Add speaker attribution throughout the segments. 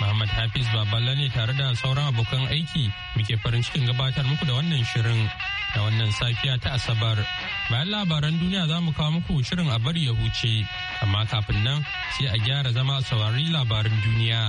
Speaker 1: Muhammad Hafiz Baballa ne tare da sauran abokan aiki muke farin cikin gabatar muku da wannan shirin da wannan safiya ta Asabar. Bayan labaran duniya za mu kawo muku shirin a bari ya huce, amma kafin nan sai a gyara zama a saurari labaran duniya.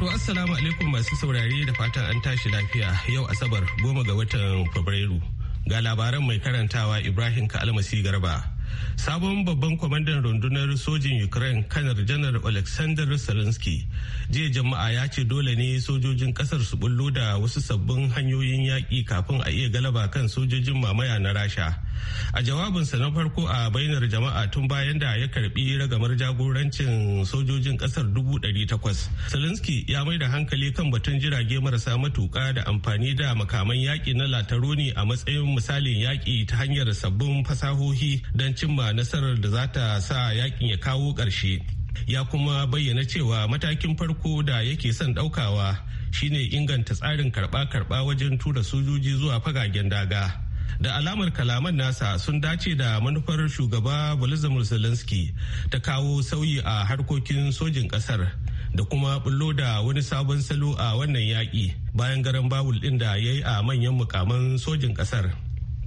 Speaker 2: To Assalamu alaikum masu saurari da fatan an tashi lafiya yau Asabar goma ga watan Fabrairu. Ga labaran mai karantawa Ibrahim Ka'almasi Garba. sabon babban kwamandan rundunar sojin ukraine kanar janar alexander zelensky jiya jama'a ya ce dole ne sojojin kasar su bullo da wasu sabbin hanyoyin yaƙi kafin a iya galaba kan sojojin mamaya na rasha a jawabinsa na farko a bainar jama'a tun bayan da ya karbi ragamar jagorancin sojojin kasar takwas, salinski ya mai da hankali kan batun jirage marasa matuka da amfani da makaman yaƙi na lataroni a matsayin misalin yaƙi ta hanyar sabbin fasahohi don cimma nasarar da za ta sa yaƙin ya kawo ƙarshe ya kuma bayyana cewa matakin farko da yake son ɗaukawa shine inganta tsarin karɓa-karɓa wajen tura sojoji zuwa fagagen daga da alamar kalaman nasa sun dace da manufar shugaba volodymyr zelensky ta kawo sauyi a harkokin sojin kasar da kuma bullo da wani sabon salo a wannan yaƙi bayan garan bawul ɗin da ya yi a manyan mukaman sojin kasar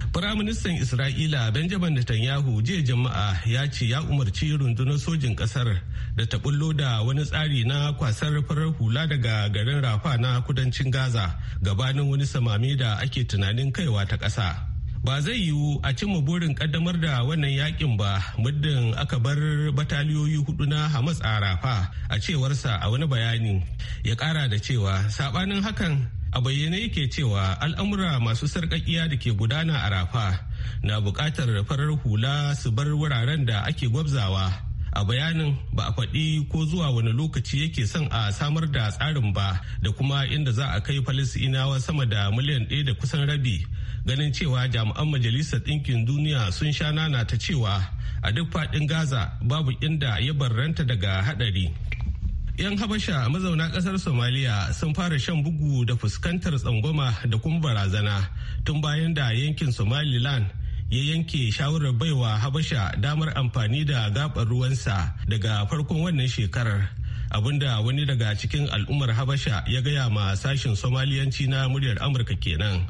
Speaker 2: Firaministan Isra'ila Benjamin Netanyahu jiya jama'a ya ce ya umarci rundunar sojin kasar da ta bullo da wani tsari na kwasar farar hula daga garin Rafa na kudancin Gaza gabanin wani samami da ake tunanin kaiwa ta ƙasa. ba zai yiwu a cimma burin kaddamar da wannan yakin ba muddin aka bar bataliyoyi hudu na hamas a rafa a cewarsa a wani bayani ya kara da cewa sabanin hakan a bayyane yake cewa al'amura masu sarƙaƙiya da ke gudana a rafa na buƙatar farar hula su bar wuraren da ake gwabzawa a bayanin ba a faɗi ko zuwa wani lokaci yake son a samar da tsarin ba da kuma inda za a kai falisinawa sama da miliyan ɗaya da kusan rabi ganin cewa jami'an majalisar ɗinkin duniya sun sha nana ta cewa a duk faɗin gaza babu inda ya barranta daga haɗari 'yan habasha mazauna ƙasar somaliya sun fara shan bugu da fuskantar tsangwama da kuma barazana tun bayan da yankin somaliland ya yanke shawarar baiwa habasha damar amfani da gabar ruwansa daga farkon wannan shekarar abinda wani daga cikin al'ummar habasha ya gaya ma sashin somaliyanci na muryar amurka kenan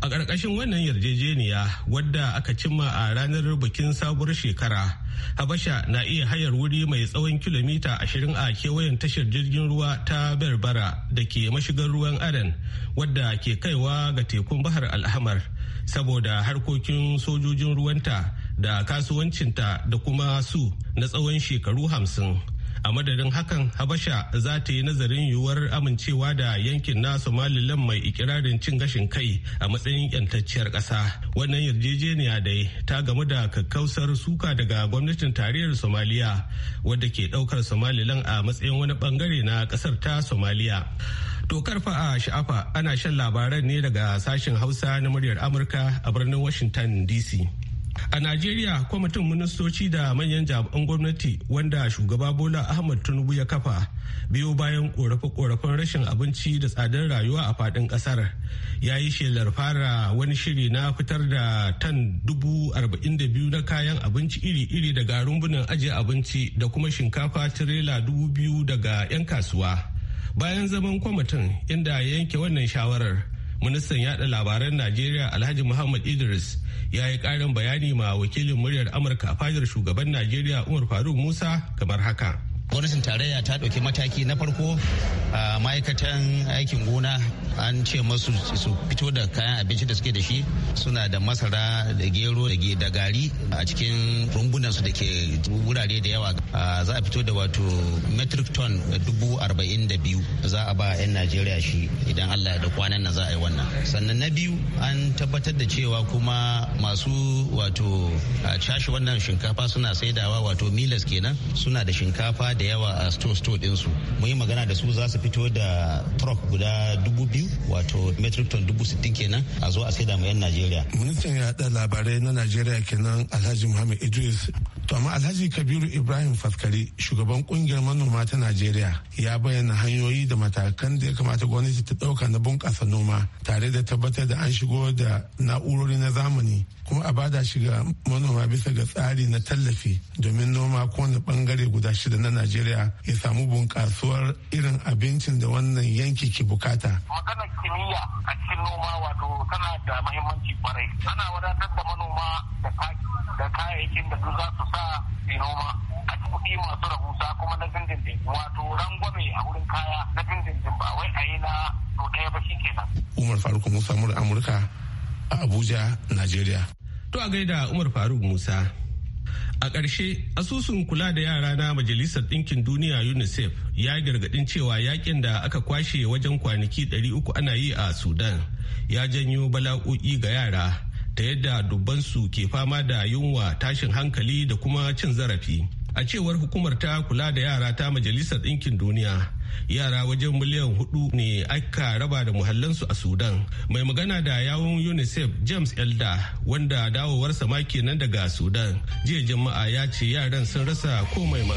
Speaker 2: a ƙarƙashin wannan yarjejeniya wadda aka cimma a ranar bikin sabuwar shekara habasha na iya hayar wuri mai tsawon kilomita ashirin a kewayen tashar jirgin ruwa ta berbera da ke mashigar ruwan aden wadda ke kaiwa ga tekun bahar alhamar saboda harkokin sojojin ruwanta da kasuwancinta da kuma su na tsawon shekaru hamsin a madadin hakan habasha za ta yi nazarin yiwuwar amincewa da yankin na somaliland mai ikirarin cin gashin kai a matsayin yantacciyar ƙasa wannan yarjejeniya dai ta gamu da kakkausar suka daga gwamnatin tarayyar somaliya wadda ke ɗaukar somaliland a matsayin wani bangare na ƙasar ta somaliya Tokar karfa a sha'afa ana shan labaran ne daga sashen hausa na muryar amurka a birnin washington dc A Najeriya kwamitin ministoci da manyan jami'an gwamnati wanda shugaba Bola Ahmad Tinubu ya kafa biyo bayan korafe-korafen rashin abinci da tsadar rayuwa a fadin kasar ya yi shelar fara wani shiri na fitar da tan dubu arba'in da biyu na kayan abinci iri-iri daga rumbunan ajiye abinci da kuma shinkafa tirela dubu biyu daga 'yan kasuwa. Bayan zaman kwamitin inda yanke wannan shawarar. ministan yada labaran najeriya alhaji muhammad idris ya yi karin bayani ma wakilin muryar amurka a fadar shugaban najeriya umar faruk musa kamar haka gwamnatin tarayya ta ɗauki mataki na farko a ma'aikatan aikin gona an ce masu su fito da kayan abinci da suke da shi suna da masara da gero da gari a cikin rumbunansu da ke wurare da yawa za a fito da wato metric ton dubu arba'in da biyu za a ba 'yan najeriya shi idan allah da kwanan nan za a yi wannan sannan na biyu an tabbatar da cewa kuma masu wato cashe wannan shinkafa suna saidawa wato milas kenan suna da shinkafa da da yawa a store store ɗinsu mun yi magana da su za su fito da truck guda dubu biyu wato metric ton dubu sittin kenan a zo a saida ma 'yan najeriya ministan ya da labarai na najeriya kenan alhaji muhammad idris to amma alhaji kabiru ibrahim faskari shugaban kungiyar manoma ta najeriya ya bayyana hanyoyi da matakan da ya kamata gwamnati ta dauka na bunƙasa noma tare da tabbatar da an shigo da na'urori na zamani kuma a bada shiga manoma bisa ga tsari na tallafi domin noma kowane bangare guda shida na Najeriya ya samu bunƙasuwar irin abincin da wannan yanki ke bukata. Maganar kimiyya a cikin noma wato tana da mahimmanci kwarai. Ana wadatar da manoma da kayayyakin da su za su sa su noma a kuɗi masu rahusa kuma na dindindin wato rangwame a wurin kaya na dindindin ba wai a yi na to ɗaya ba shi kenan. Umar Faruk Musa Amurka a Abuja, Najeriya. To a gaida Umar Faruk Musa. A ƙarshe, asusun kula da yara na Majalisar Ɗinkin Duniya UNICEF ya gargaɗin cewa yakin da aka kwashe wajen kwanaki 300 ana yi a Sudan ya janyo bala'o'i ga yara ta yadda dubbansu ke fama da yunwa tashin hankali da kuma cin zarafi. A cewar hukumar ta kula da yara ta Majalisar Ɗinkin Duniya, yara wajen miliyan hudu ne aka raba da muhallansu a Sudan. Mai magana da yawun UNICEF James Elda wanda dawowarsa ma kenan daga Sudan. Jiya jama'a ya ce yaran sun rasa komai ma.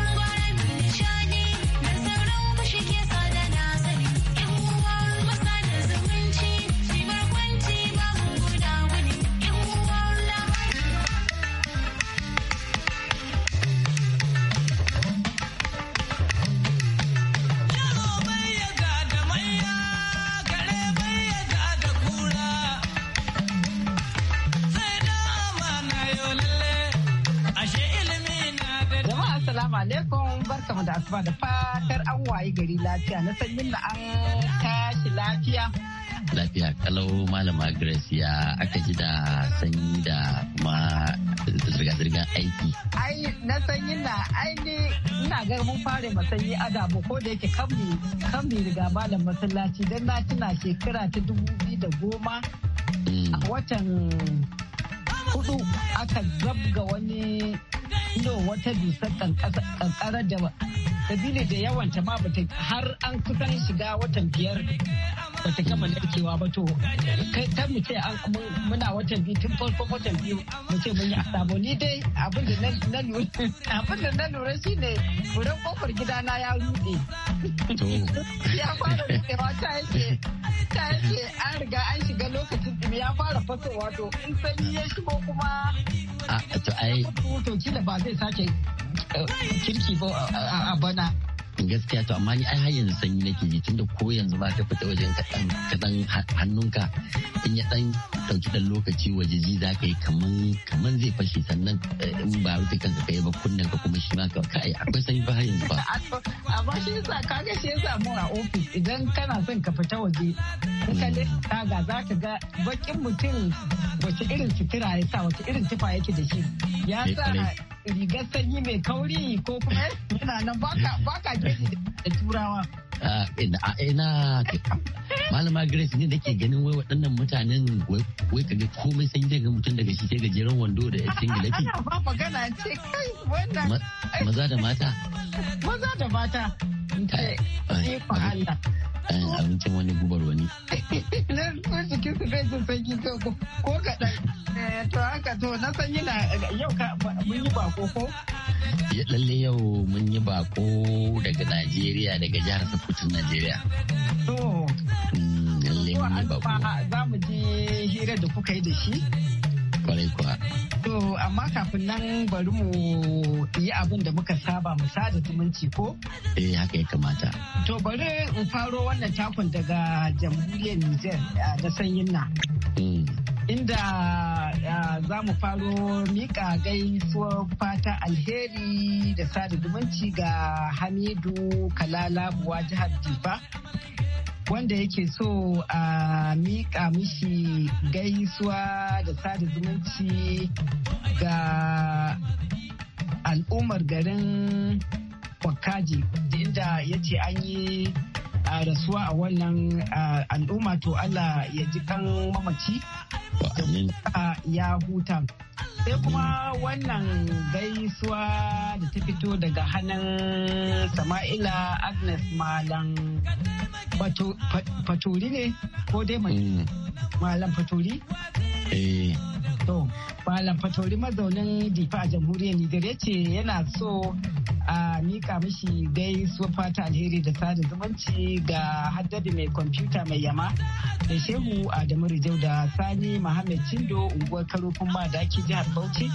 Speaker 3: barkamu da asuba da fatar an waye gari lafiya na sanyin na an tashi lafiya. Lafiya
Speaker 4: kalau malama Grace ya aka ji da sanyi da kuma zirga-zirgar
Speaker 3: aiki. Ai na sanyi na ai ne ina ga mun fare masanyi adabu ko da yake kan kambi riga malam masallaci don na tuna shekara ta dubu biyu da goma hmm. a watan hudu aka zabga wani no wata dusar kankara da sabili da yawanta ma bata har an kusan shiga watan biyar bata gama narkewa ba to kan mu ce muna watan biyu tun farkon watan biyu mu ce mun yi asabo ni dai abin da na lura abin da na lura shine furen kofar na ya rude ya fara rudewa ta yake ta yake an riga an shiga lokacin ɗumi ya fara fasowa to in sanyi ya shigo kuma to ai to kila ba zai sake eh, kirki ba a bana
Speaker 4: gaskiya to amma ni ai har yanzu sanyi nake ji tunda ko yanzu ba ka fita wajen ka dan hannunka in ya dan dauki dan lokaci waje ji za ka yi kaman kaman zai fashe sannan eh, in ba wuce kanka ka yi ba kunnen ka kuma shi ma ka kai akwai sanyi ba har yanzu ba.
Speaker 3: amma shi yasa ka ga shi yasa mu a ofis idan kana son ka fita waje kuka da ga za ka ga bakin mutum wace irin sutura ya sa wace irin tufa yake da shi ya eh, sa rigar sanyi mai kauri ko kuma yana nan baka gani da turawa.
Speaker 4: ina malama grace ne da ke ganin wai waɗannan mutanen wai kaga komai sanyi daga mutum daga shi sai gajeren wando da yan singilaki
Speaker 3: ana ba magana ce kai wannan maza da mata maza da mata ikon Allah
Speaker 4: kayan abincin wani gubar wani.
Speaker 3: Na cikin su bai jin sanyi ko kaɗan. Eh, to haka to na san yau ka mun yi bako ko?
Speaker 4: Ya lalle yau mun yi bako daga Najeriya daga jihar Sokoto Najeriya.
Speaker 3: To. Mm, lalle mun yi bako. Za mu je hira da kuka yi da shi. kwarai kuwa. To amma kafin nan bari mu yi abin da muka saba mu sada zumunci ko? Eh haka ya kamata. To bari in faro wannan takon daga jamhuriyar Nijar da sanyin na. Mm. Inda za mu faro miƙa gaisuwar fata alheri da sada zumunci ga Hamidu Buwa jihar Difa. wanda yake so a miƙa mishi gaisuwa da sada zumunci ga al'ummar garin da inda ya ce an yi a rasuwa a wannan al'umma to Allah ya ji kan mamaci da ya huta sai kuma wannan gaisuwa da ta fito daga hannun sama'ila agnes malam faturi ne ko dai mm. malam faturi eh. to malam fatori mazaunin jifa a jamhuriyar nijar ya ce yana so a mika mishi dai su fata alheri da sada zumunci ga haddadi mai kwamfuta mai yama da shehu adamu rijau da sani muhammad cindo unguwar karofin madaki jihar bauchi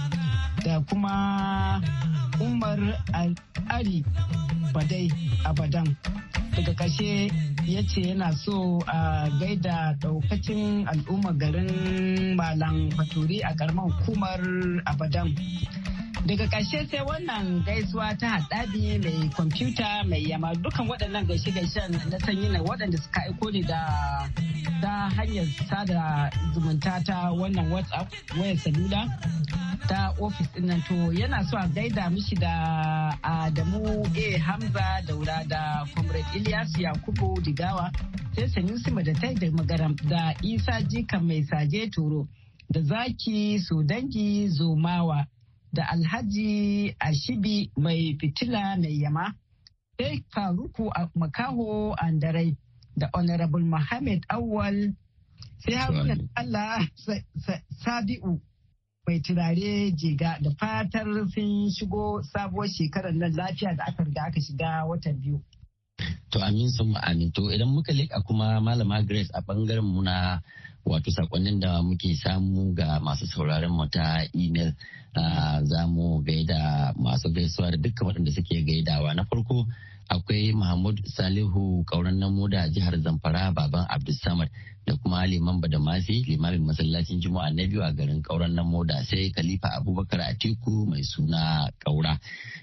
Speaker 3: da kuma umar ali badai abadan daga ƙashe ya ce yana so a gaida daukacin al'ummar garin malam faturi a karamar hukumar abadan daga ƙarshe sai wannan gaisuwa ta haɗabi mai kwamfuta mai yama dukan waɗannan gaishe-gaishen na sanyi na waɗanda suka aiko ni da ta hanyar sada zumunta ta wannan whatsapp waya salula ta ofis ɗin nan to yana so a gaida mishi da adamu a hamza daura da comrade ilyas yakubu digawa sai sanusi madatai da magaram da isa jika mai saje toro da zaki so dangi zomawa da Alhaji Ashibi mai fitila mai yama, sai Faruku a Makaho Andarai da Honorable Mohammed Awal sai Haruna Allah Sadi'u, mai turare jiga da fatar sun shigo sabuwar shekarar nan lafiya da aka riga aka shiga watan biyu.
Speaker 4: To amin sun idan muka leƙa kuma malama Grace a bangaren muna. wato sakonnin da muke samu ga masu sauraron mu ta email ah, za mu gaida masu gaisuwa da dukkan waɗanda suke gaidawa na farko akwai mahmud salihu kauran namu da jihar zamfara baban abdulsamad da kuma liman badamasi limamin masallacin juma'a na biyu a garin kauran namu da sai khalifa abubakar atiku mai suna kaura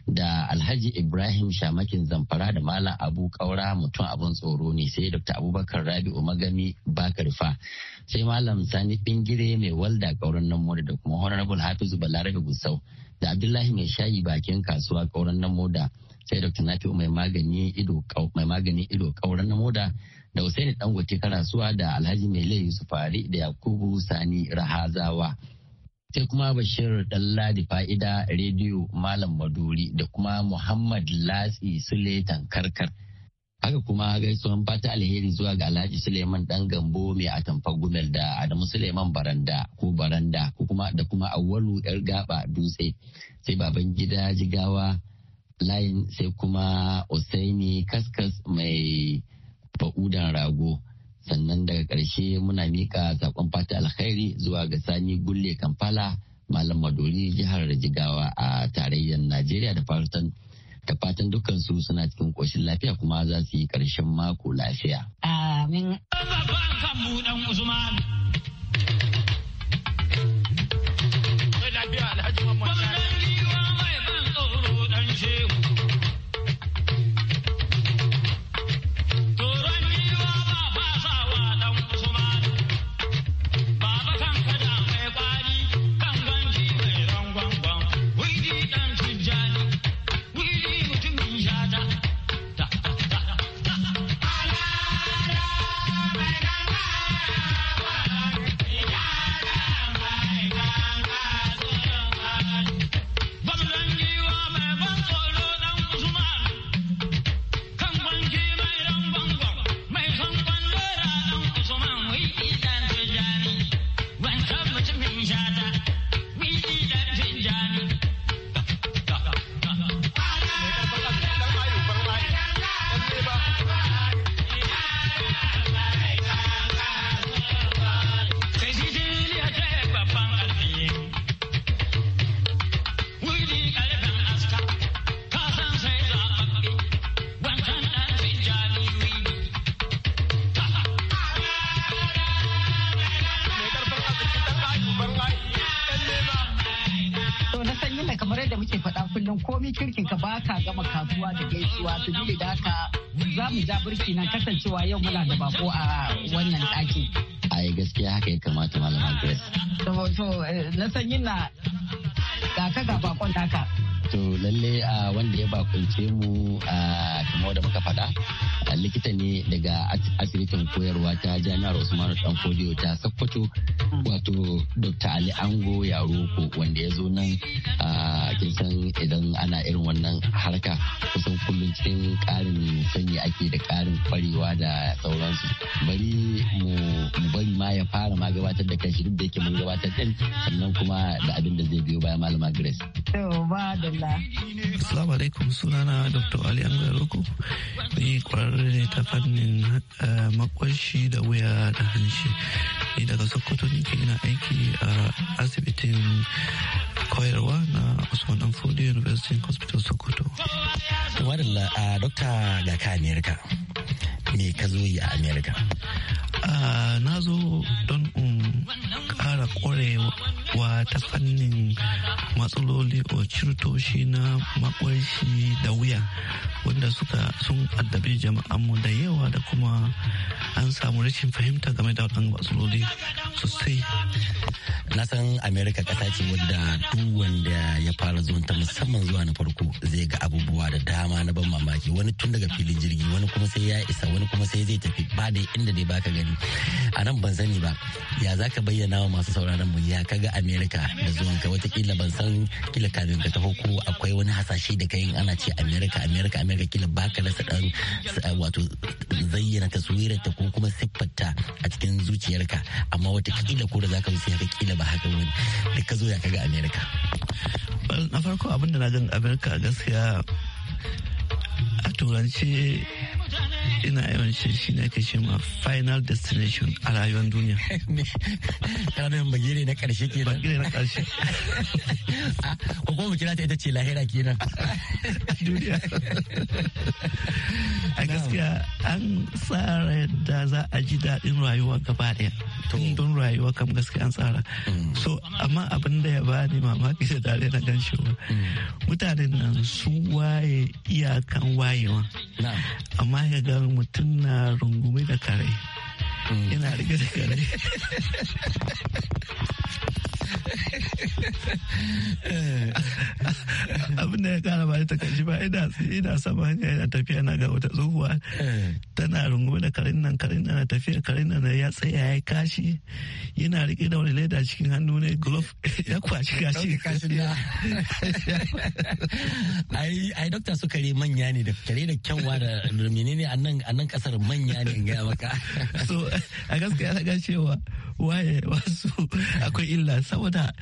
Speaker 4: da alhaji ibrahim shamakin zamfara da malam abu kaura mutum abun tsoro ne sai dr abubakar rabi'u magami bakarfa sai malam sani bingire mai walda kauran namu da kuma honorable hafizu balarabe gusau da abdullahi mai shayi bakin kasuwa kauran namu da sai dr mai magani ido mai magani ido kauran na moda da Usaini gote Karasuwa da Alhaji mai lai Yusuf Ali da Yakubu Sani Rahazawa. Sai kuma Bashir Dalladi Fa'ida Rediyo Malam Maduri da kuma Muhammad Latsi Sule Tankarkar. Haka kuma gaisuwan fata alheri zuwa ga Alhaji Suleiman Dan Gambo mai atamfar gumel da Adamu Suleiman Baranda ko Baranda ko kuma da kuma Awwalu Yar Gaba Dutse. Sai baban gida Jigawa layin sai kuma usaini kaskas mai fa'udan rago sannan daga ƙarshe muna miƙa saƙon fata alkhairi zuwa ga sani gulle kampala malam madori jihar jigawa a tarayyar najeriya da fatan da fatan dukkan su suna cikin ƙoshin lafiya kuma za su yi ƙarshen mako lafiya
Speaker 3: amin komi kirkin ka baka gama kasuwa da gaisuwa sabili da haka za mu ja birki nan kasancewa yau muna da bako a wannan daki.
Speaker 4: a yi gaskiya haka ya kamata malama grace
Speaker 3: to eh, na san yana ga ka ga bakon daka.
Speaker 4: to lalle a ah, wanda ya bakunce mu a ah, kamar da muka faɗa likita ne daga asibitin koyarwa ta jami'ar usmanu danfodiyo ta sakkwato wato dr ali ango yaroko wanda ya zo nan kin san idan ana irin wannan harka kusan kullum cikin karin sanyi ake da karin kwarewa da sauransu bari mu bari ma ya fara ma gabatar da kashi duk da yake mun gabatar din sannan kuma da abin da zai biyo baya malama grace.
Speaker 5: Assalamu alaikum sunana Dr. Ali Ango Yaroko ni kwarar ne ta fannin makwashi da wuya da hanshi ni daga sokoto nike ina aiki a asibitin koyarwa na usman amfodi university hospital sokoto wadalla a dokta ga ka amerika me ka zo yi a amerika na zo don in kara ƙwarewa ta fannin matsaloli o cirtoshi na makwashi da wuya wanda suka sun addabi jama'anmu da yawa da kuma an samu rashin fahimta game da waɗannan matsaloli sosai
Speaker 4: na san america ƙasa ce wadda duk wanda ya fara zuwan ta musamman zuwa na farko zai ga abubuwa da dama na ban mamaki wani tun daga filin jirgi wani kuma sai ya isa wani kuma sai zai tafi ba da inda dai baka gani a nan ban sani ba ya za ka bayyana wa masu sauraron mu ya kaga america da zuwan ka watakila ban san kila kafin ka taho ko akwai wani hasashe da kai ana ce america america america da baka rasa dan eh, wato zayyana taswirar ko kuma siffarta a cikin zuciyarka
Speaker 5: amma wata kila ko da zaka zo sai ka kila ba haka wani duk ka zo ya kaga America na farko abin da na gan America gaskiya a turance ina yawan shirshi na ke ce ma final destination a rayuwar duniya. Ranar bagire na karshe ke nan. Bagire na karshe. Ah, ko kuma mu kira ta ita ce lahira ke nan. Duniya. A gaskiya an tsara yadda za a ji daɗin rayuwa gaba ɗaya. Don rayuwa kam gaskiya an tsara. Mm. So amma abin da ya ba ni mamaki da tare na gan shi mm. Mutanen nan su waye iyakan wayewa. Amma ya gan mutum na rungume da kare yana mm. riga da kare abin da ya kara ba ta kashi ba ina ina sama hanya yana tafiya na ga wata tsohuwa eh. tana rungume da karin nan karin nan tafiya karin nan ya tsaya ya kashi yana rike da wani leda cikin hannu ne glove ya kwaci kashi ai ai doctor su kare manya ne da kare da kyanwa da menene a nan a nan kasar manya ne ga maka so a gaskiya ga cewa waye wasu akwai illa saboda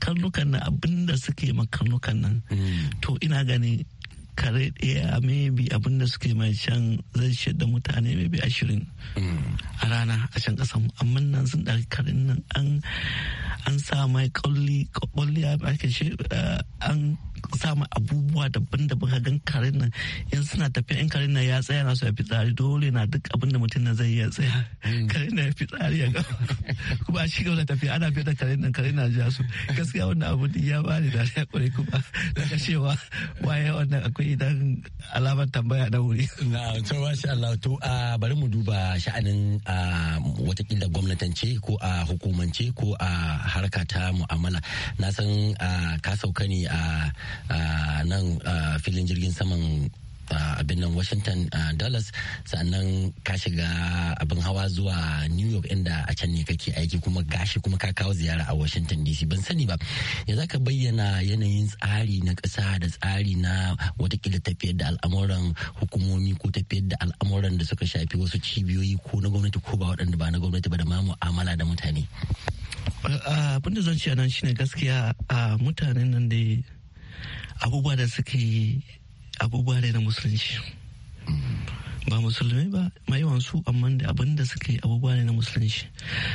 Speaker 5: karnukan nan abinda suke ma karnukan nan hmm. to ina gani kare ɗaya maybe abin da suke mai can zai shaɗa da mutane maybe ashirin a rana a can ƙasa amma nan sun ɗari karin nan an sa mai ƙwalli ƙwalli ake eh, an samun abubuwa daban-daban ka gan karen nan in suna tafiya in karen nan ya tsaya na su ya fitsari dole na duk abin da mutum nan zai iya tsaya hmm. karen nan ya fitsari ya gaba kuma a gaba wani tafiya ana fiye da karen nan karen na ja su gaskiya wannan abu ya bani da ya kware kuma daga cewa waye wannan akwai idan alamar tambaya na wuri. na
Speaker 4: to masha Allah to a bari mu duba sha'anin a watakila gwamnatance ko a hukumance ko a harka ta mu'amala na san ka sauka ne a a nan filin jirgin saman abin nan washington dallas sannan ka shiga abin hawa zuwa new york inda a can ne kake aiki kuma gashi kuma ka kawo ziyara a washington dc ban sani ba ya za ka bayyana yanayin tsari na ƙasa da tsari na watakila tafiyar da al'amuran hukumomi ko tafiyar da al'amuran da suka shafi wasu cibiyoyi ko na gwamnati ko ba waɗanda ba na gwamnati ba da ma mu'amala da mutane
Speaker 5: abin da zan ce nan shine gaskiya a mutanen nan da abubuwa da suka yi abubuwa da na musulunci ba musulmai ba mayawan su amma da abin da suka yi abubuwa ne na musulunci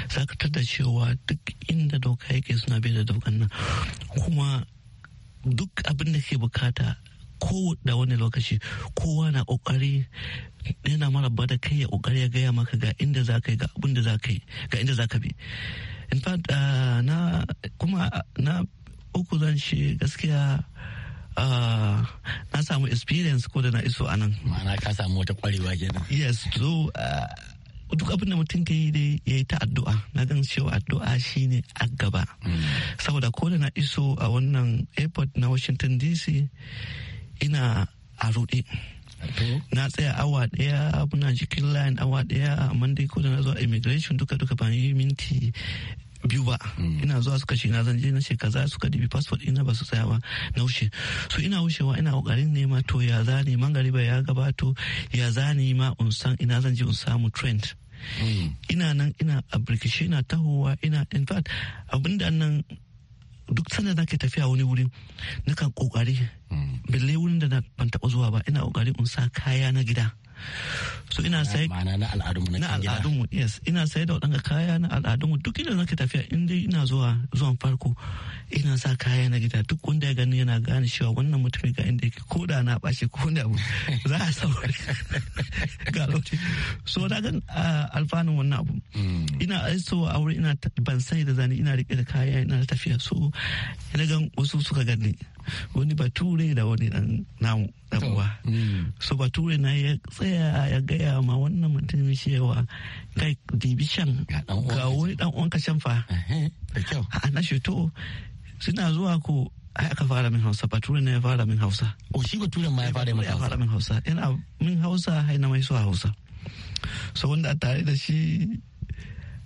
Speaker 5: sakatar da cewa duk inda doka yake suna bai da dokan nan kuma duk abin da ke bukata ko da wani lokaci kowa na kokari yana mara bada kai ya kokari ya gaya maka ga inda za ka yi ga abin da za ka yi ga inda za ka bi in fact ah, na kuma ah, na uku zan ce gaskiya Ah, na samu experience ko da na iso a nan. Ma'ana ka samu wata kwarewa kenan. Yes, so ah, duk abin da mutum ka yi dai ya yi ta addu'a na gan cewa addu'a shi ne a gaba. Hmm. Saboda ko da na iso a wannan airport na Washington DC ina a ruɗe. na tsaya awa daya muna jikin line awa daya a dai ko da na zo immigration duka duka ban yi minti biyu ba mm. ina zuwa suka ce na zanje na ce za suka dubi passport ina ba su tsaya ba na wuce so ina wucewa ina kokarin nema to ya zani gariba ya gabato ya zani ma unsan ina zanje un samu trend mm. ina nan ina a ina tahowa ina in fact abinda nan duk sanda na ke tafiya wani wuri nakan kokari mm. balle wurin da ban taba zuwa ba ina kokari un sa kaya na gida so ina sai ma'ana na mu na mu yes ina sai da waɗanga kaya na al'adunmu duk inda nake tafiya inda ina zuwa zuwan farko ina sa kaya na gida duk wanda ya gani yana gane cewa wannan mutumin ga inda yake ko da na bashi ko da abu za a saurari ga lokaci so na gan alfanun wannan abu hmm. ina so wuri ina ban sai da zani ina rike da kaya ina tafiya so ina gan wasu suka gani wani bature da wani dan namu uwa mm. so bature na ya tsaya ya gaya ma wannan mutum cewa kai dibishan ga wani dan uwan can fa a na shito to suna zuwa ko ai aka fara min hausa bature ne ya fara min hausa o shi bature ma ya fara min hausa ya fara min hausa ina min hausa hai na mai so hausa so wanda a tare da shi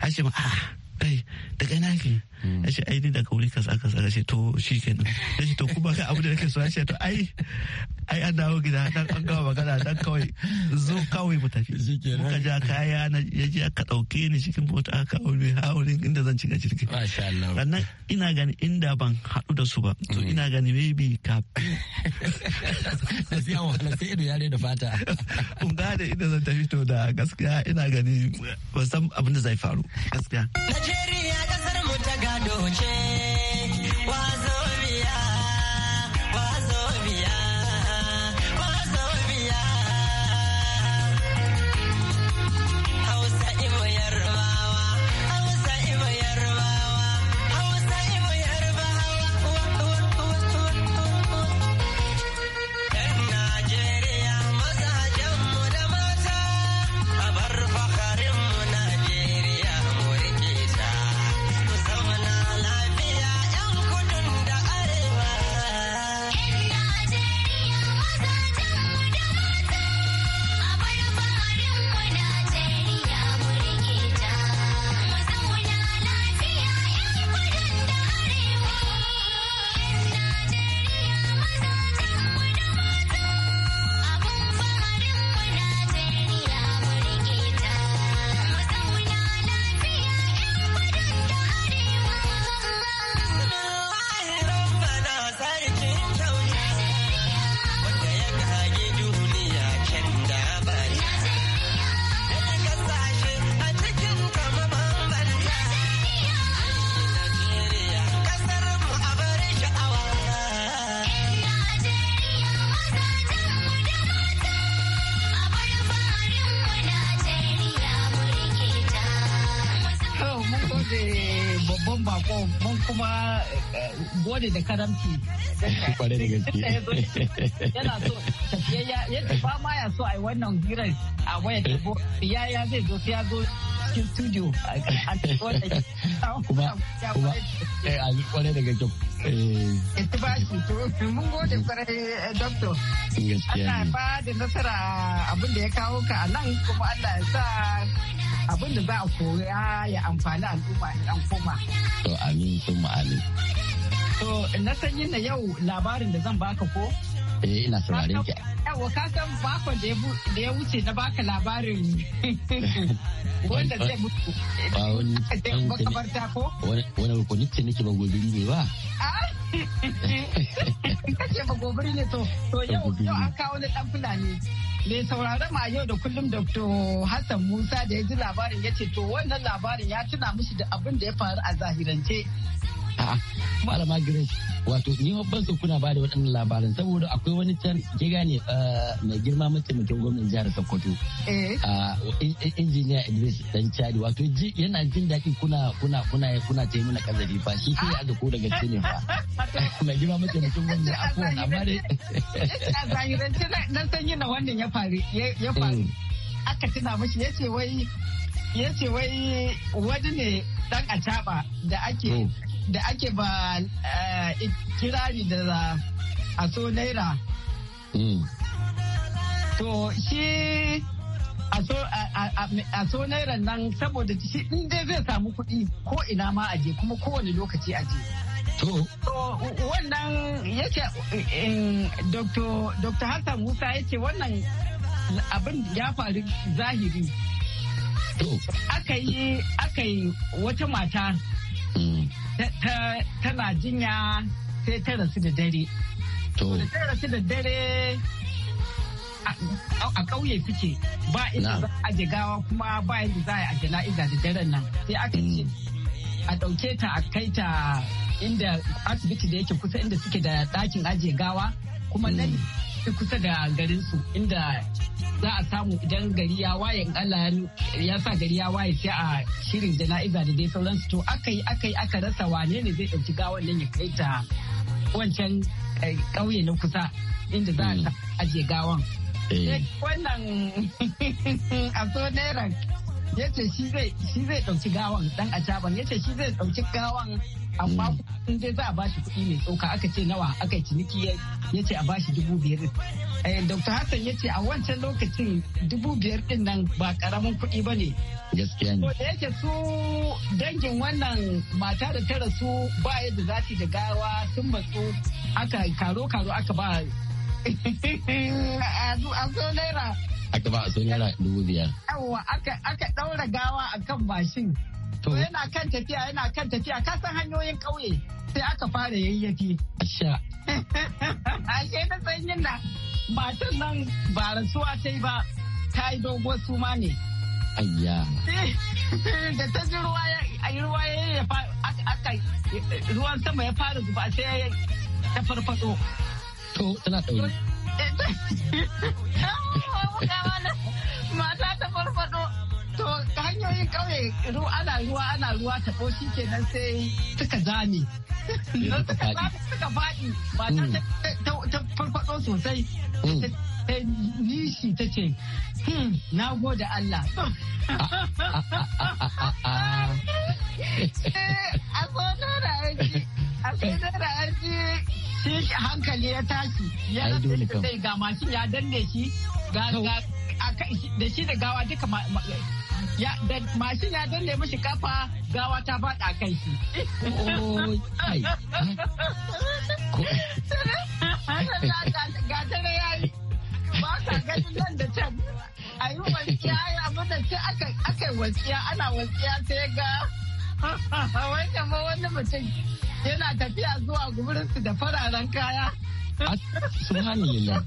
Speaker 5: ashe a ah, kai daga ina ke ya mm. ce ai ni daga wuri kasa kasa tsaka ce to shi kenan ya ce to kuma ka abu da ke so ya ce to ai ai an dawo gida dan an gawa magana dan kawai zo kawai mu tafi muka ja kaya na ya ji aka dauke ni cikin mota aka aure haurin inda zan shiga jirgin masha Allah sannan ina gani inda ban haɗu da su ba to mm. ina gani maybe ka.
Speaker 4: sai wahala sai ido ya da fata
Speaker 5: kun gane inda zan tafi to da gaskiya ina gani ban san abin da zai faru gaskiya
Speaker 3: Nigeria ta gado ce wani da karamci kwarai da gaske yadda ba ma ya so a yi wannan hirar a ya ya zai zo ya zo cikin studio a eh, kwarai da gaske ita eh. ba shi eh, da nasara abin da kawo ka a kuma Allah ya za a koya
Speaker 4: al'umma
Speaker 3: To na san yin na yau labarin da zan baka ko? Eh ina saurarin ki. Yawa ka san bako da ya wuce na baka labarin
Speaker 5: wanda zai
Speaker 3: mutu. Ba wani ko?
Speaker 4: Wani rukunin ce nake ba gobiri ne ba.
Speaker 3: Ah! Kace ba gobiri ne to to yau an kawo na dan fulani. Mai sauraron ma yau da kullum Dr. Hassan Musa da ya ji labarin ya ce to wannan labarin ya tuna mishi da abin da ya faru a zahirance.
Speaker 4: a'a malama grace wato ni ban so kuna bada waɗannan labaran saboda akwai wani can ke gane eh, mai girma mataimakin gwamnan jihar sokoto
Speaker 3: eh. ah,
Speaker 4: injiniya idris dan chadi wato yana jin daɗi kuna kuna kuna kuna ta yi mana kazari fa shi ke aka ko daga gaske ne fa
Speaker 3: mai girma mataimakin gwamnan afuwan amma dai dan san yana wannan ya faru ya faru eh. aka tuna mashi ce wai ce wai wani ne dan acaba da ake oh. da ake ba eh, kirari da a so naira mm. to shi a so naira nan saboda shi inda zai samu kuɗi ko ina ma aje kuma kowane lokaci aje to wannan yake eh, dr hassan musa yace wannan abin ya faru zahiri aka yi wata mata mm. tana jinya sai ta rasu da dare. To. Da ta rasu da dare a ƙauye suke ba inda za a aje gawa kuma ba yadda za a jana'iza da daren nan sai aka ce mm. a ɗauke ta a kai ta inda asibiti da yake kusa inda suke da ɗakin aje gawa kuma nan mm. kusa da garinsu inda za a samu idan gari ya waye in Allah ya sa gari ya waye sai a shirin jana'iza da dai sauransu to aka yi aka yi aka rasa wane ne zai ɗauki gawan nan ya kai ta wancan eh, ƙauye na kusa inda za a mm. ajiye gawan. Eh. Wannan a so naira ya ce shi zai shi zai dauki gawan dan acaban ya ce shi zai dauki gawan amma kun dai za a bashi kuɗi mai tsoka aka ce nawa aka yi ciniki ya ce a bashi dubu biyar eh, Dr. Hassan ya ce a wancan lokacin dubu biyar din nan ba karamin kuɗi ba ne. Gaskiya ne. Da yake su dangin wannan mata da ta rasu ba yadda za da gawa sun matsu aka karo-karo aka ba a zo naira
Speaker 4: aka ba a sun yana dubu biyar
Speaker 3: yawwa aka aka gawa gawa akan mashin to yana kan tafiya yana kan tafiya ka san hanyoyin ƙauye sai aka fara yayyafi asha ke na sanyin na matan nan ba rasuwa ta yi ba ta yi dogon suma ne ayya da ta ji ruwa ya ruwa ya aka ruwan sama ya fara zuba sai ta farfaɗo.
Speaker 4: to tana ɗaure
Speaker 3: mata ta farfado to hanyoyin kauye ana ruwa ana ruwa ta taɓo shi nan sai suka zame suka faɗi mata hmm. ta farfado sosai hmm. nishi ta ce hmm, na gode Allah a so eh, na ra'aji a so na ra'aji shi hankali ya tashi ya rasa zai ga mashin ya danne shi da shi da gawa duka mashin ya danne mashi kafa gawa ta fada kai shi. Ga tare ya yi ba ka ganin nan da can a yi wasiya ya abin sai aka yi wasiya ana wasiya sai ga Wannan ma wani mutum yana tafiya zuwa guburinsu da fararen kaya. Subhanallah.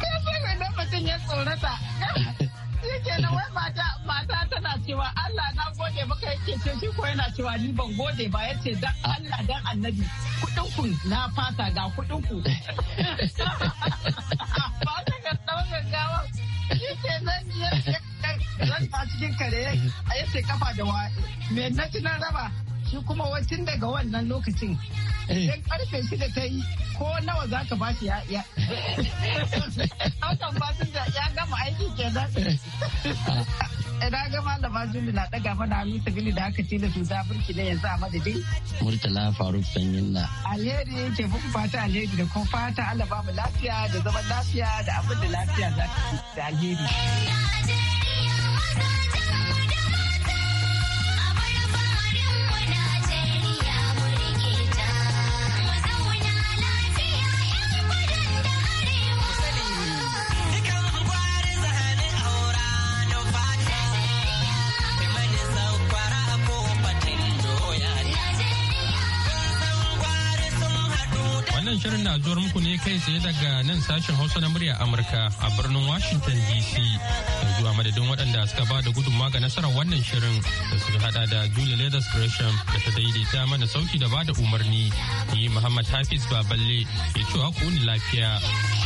Speaker 3: Kafin wannan mutum ya tsorata. Yake na wai mata tana cewa Allah na gode maka yake ce shi ko yana cewa ni ban gode ba ya ce dan Allah dan annabi kuɗin ku na fasa ga kuɗin ku. Ba ta ga tsawon gaggawa. Yake nan ya rasa cikin kare a yace kafa da wa na tunan raba shi kuma wacin daga wannan lokacin eh. idan karfe da ta yi ko nawa za ka bashi ya ya autan fasinja ya gama aiki kenan eh. idan gama malama juli na daga mana hannu sabili da aka ce da su burki da yanzu a madadin
Speaker 4: murtala faru sanyin na
Speaker 3: alheri ke muku fata alheri da kuma fata allah babu lafiya da zaman lafiya da abin da lafiya za ta da alheri
Speaker 1: shirin na zuwar muku ne kai tsaye daga nan sashen Hausa na murya Amurka a birnin Washington DC. Yanzu a madadin waɗanda suka ba da gudunmawa ga nasarar wannan shirin da suka hada da Julie Leathers Gresham da ta daidaita mana sauki da ba da umarni. Ni Muhammad Hafiz Baballe ya cewa ku ni lafiya.